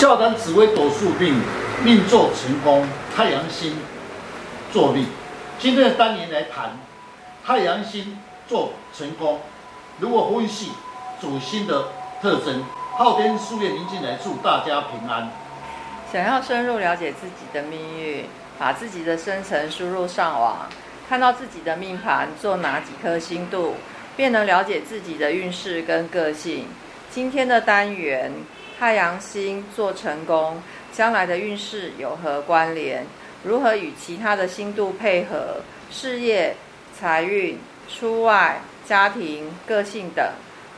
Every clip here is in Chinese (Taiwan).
笑談紫微斗數，命坐辰宮，太陽星坐命，今天的單元來談太陽星坐辰宮。如果分析主星的特徵，昊天書院林進來祝大家平安。想要深入了解自己的命運，把自己的生辰輸入上網，看到自己的命盤坐哪幾顆星度，便能了解自己的運勢跟個性。今天的單元。太陽星坐辰宮，將來的運勢有何關聯？如何與其他的星度配合？事業、財運、出外、家庭、個性等，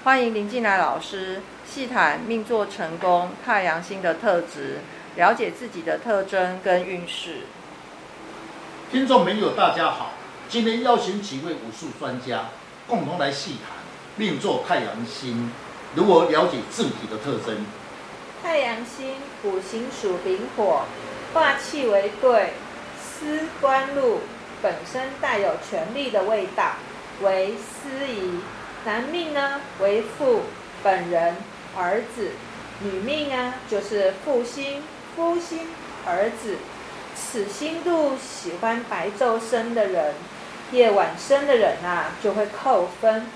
歡迎林進來老師細談命坐辰宮太陽星的特質，了解自己的特徵跟運勢。聽眾朋友，大家好，今天邀請幾位五術專家，共同來細談命坐太陽星如何了解自己的特徵。太陽星五行屬丙火，化氣為兌，司官祿，本身帶有權力的味道，為司儀。男命呢為父、本人、兒子；女命呢，就是父星、夫星、兒子。此星度喜歡白晝生的人，夜晚生的人啊就會扣分。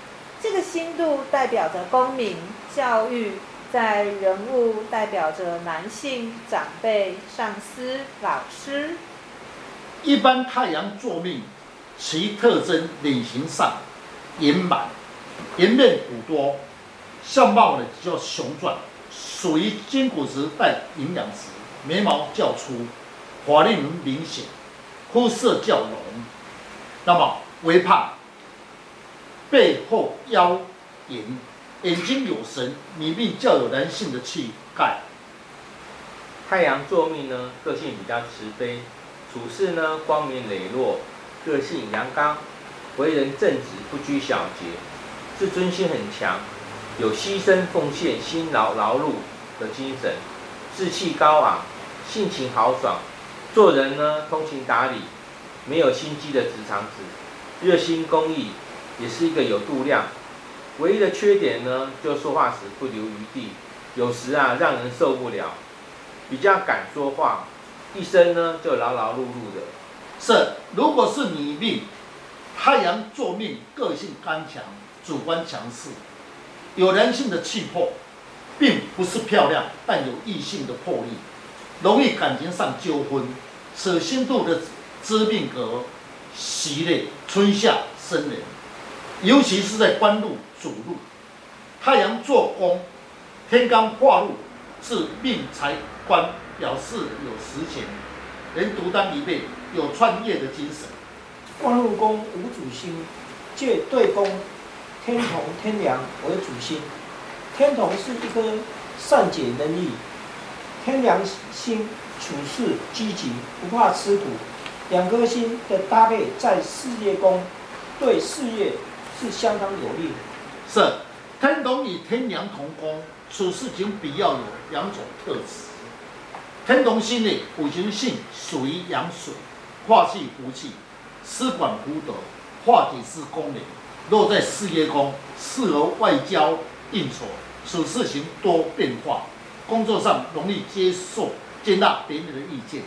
這個星度代表着功名、教育。在人物代表着男性長輩、上司、老師。一般太陽坐命，其特徵臉型上，圓滿，顏面骨多，相貌呢叫雄壯，屬於筋骨質帶營養質，眉毛較粗，法令紋明顯，膚色較濃，那麼微胖，背後腰圓。眼睛有神，你比較有男性的氣概。太陽坐命呢，個性比較慈悲，處事呢光明磊落，個性陽剛，為人正直，不拘小節，自尊心很強，有犧牲奉獻、辛勞勞碌的精神，志氣高昂，性情豪爽，做人呢通情達理，沒有心機的直腸子，熱心公益，也是一個有度量。唯一的缺點呢，就說話時不留餘地，有時啊讓人受不了。比較敢說話，一生呢就勞勞碌碌的。是，如果是女命，太陽坐命，個性剛強，主觀強勢，有男性的氣魄，並不是漂亮，但有異性的魄力，容易感情上糾紛，死心度的知命格，喜累春夏生人。尤其是在官祿主祿，太陽坐宮，天干化祿是命財官，表示有實權，人獨當一面，有創業的精神。官祿宮無主星，借對宮天同天梁為主星。天同是一顆善解人意，天梁星處事積極，不怕吃苦。兩顆星的搭配在事業宮，對事業是相當有利的。是，天同與天梁同宮，處事情比較有兩種特質。天同星的五行性屬於陽水，化氣福氣，司管福德，化體是功能。若在事業宮，適合外交應酬。處事情多變化，工作上容易接受接納別人的意見，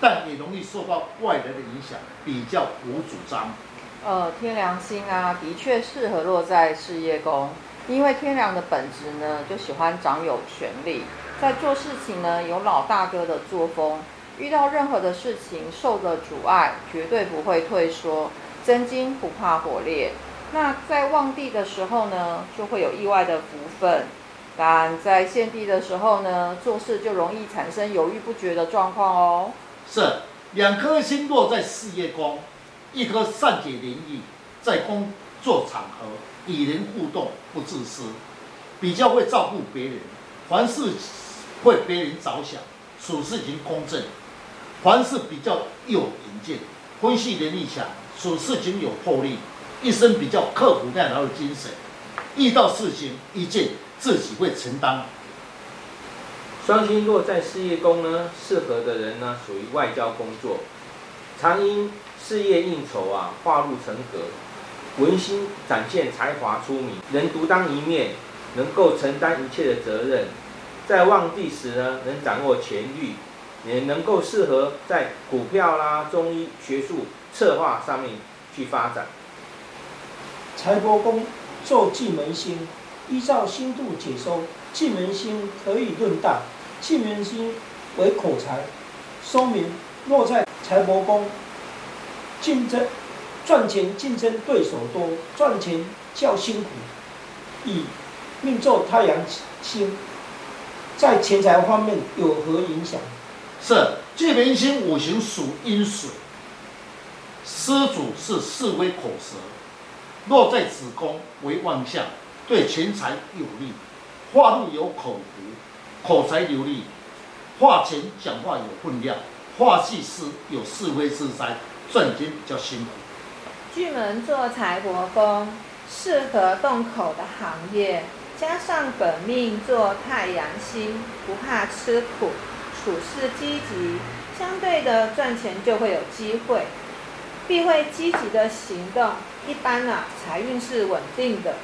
但也容易受到外來的影響，比較無主張。呃，天梁星啊，的確適合落在事業宮，因為天梁的本質呢，就喜歡掌有權力，在做事情呢有老大哥的作風，遇到任何的事情受的阻礙，絕對不會退縮，真金不怕火煉。那在旺地的時候呢，就會有意外的福分，但在陷地的時候呢，做事就容易產生猶豫不決的狀況哦。是，兩顆星落在事業宮。一顆善解人意，在工作場合與人互動不自私，比較會照顧別人，凡事為別人着想，處事情公正，凡事比較有遠見，分析能力強，處事情有魄力，一生比較刻苦耐勞的精神，遇到事情一件自己會承擔。雙星落在事業宮呢，適合的人呢屬於外交工作，常因。事業應酬啊，化入成格；文星展現才華出名，能獨當一面，能夠承擔一切的責任。在旺地時呢，能掌握全力也能夠適合在股票啦、啊、中醫、學術、策劃上面去發展。財帛宮坐巨門星，依照星度解收，巨門星可以論大。巨門星為口才，說明落在財帛宮。競爭賺錢，競爭對手多，賺錢較辛苦。以命坐太陽星，在錢財方面有何影響？是，巨門星五行屬陰水，失主是是非口舌。落在子宮為旺相，對錢財有利。化祿有口福，口才流利，化權講話有分量，化忌失有是非之災。賺錢比較辛苦。巨門坐財帛宮，適合動口的行業。加上本命坐太陽星，不怕吃苦，處事積極，相對的賺錢就會有機會。必會積極的行動，一般呢財運是穩定的。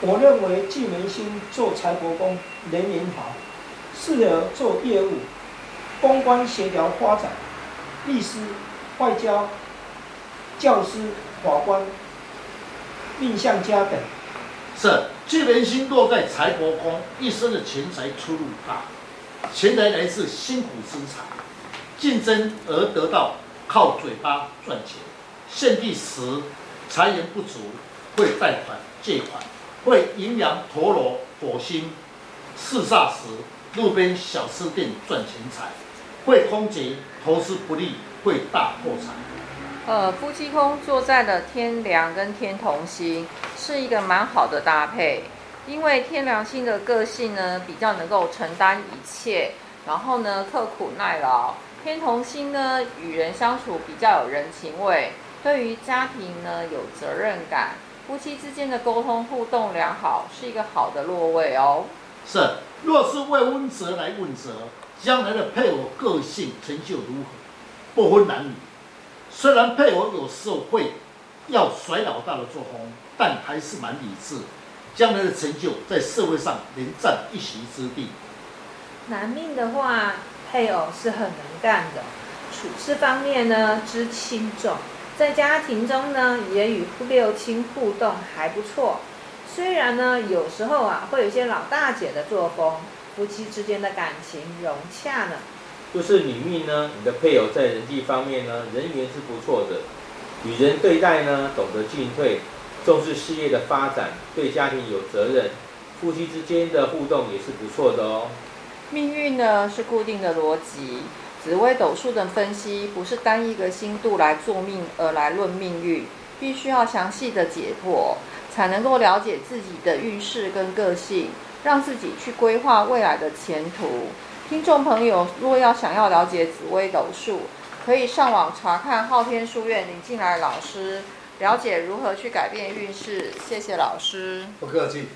我認為巨門星坐財帛宮，人緣好，適合做業務、公關、協調發展、律師、外交、教師、法官、命相家等，是巨門星落在財帛宮，一生的錢財出入大，錢財來，來自辛苦生產、競爭而得到，靠嘴巴賺錢。陷地時財源不足，會貸款、借款，會擎羊陀羅、火星。四煞時，路邊小吃店賺錢財，會空劫、投資不利。會大破產。呃，夫妻宮坐在了天梁跟天同星，是一個蠻好的搭配。因為天梁星的個性呢，比較能夠承擔一切，然後呢，刻苦耐勞。天同星呢，與人相處比較有人情味，對於家庭呢，有責任感。夫妻之間的溝通互動良好，是一個好的落位哦。是，若是為溫澤來問則，將來的配偶個性成就如何？不分男女，雖然配偶有時候會要甩老大的作風，但還是蠻理智，將來的成就在社會上能佔一席之地。男命的話，配偶是很能幹的，處事方面呢，知輕重，在家庭中呢，也與六親互動還不錯。雖然呢有時候啊會有些老大姐的作風，夫妻之間的感情融洽呢。就是女命呢，你的配偶在人際方面呢，人緣是不錯的，與人對待呢，懂得進退，重視事業的發展，對家庭有責任，夫妻之間的互動也是不錯的哦。命運呢是固定的邏輯，紫微斗數的分析不是單一個星度來做命而來論命運，必須要詳細的解剖，才能夠了解自己的運勢跟個性，讓自己去規劃未來的前途。聽眾朋友，若要想要了解紫微斗數，可以上網查看昊天書院林進來老師，了解如何去改變運勢。謝謝老師，不客氣。